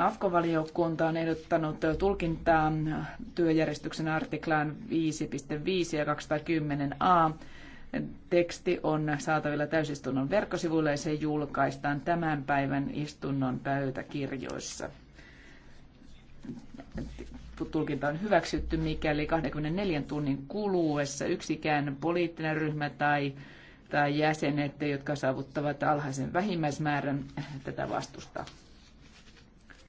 afco valiokunta on ehdottanut tulkintaa työjärjestyksen artiklaan 5.5 ja 210a. Teksti on saatavilla täysistunnon verkkosivuilla ja se julkaistaan tämän päivän istunnon pöytäkirjoissa. Tulkinta on hyväksytty, mikäli 24 tunnin kuluessa yksikään poliittinen ryhmä tai tai jäsenet, jotka saavuttavat alhaisen vähimmäismäärän, tätä vastustaa.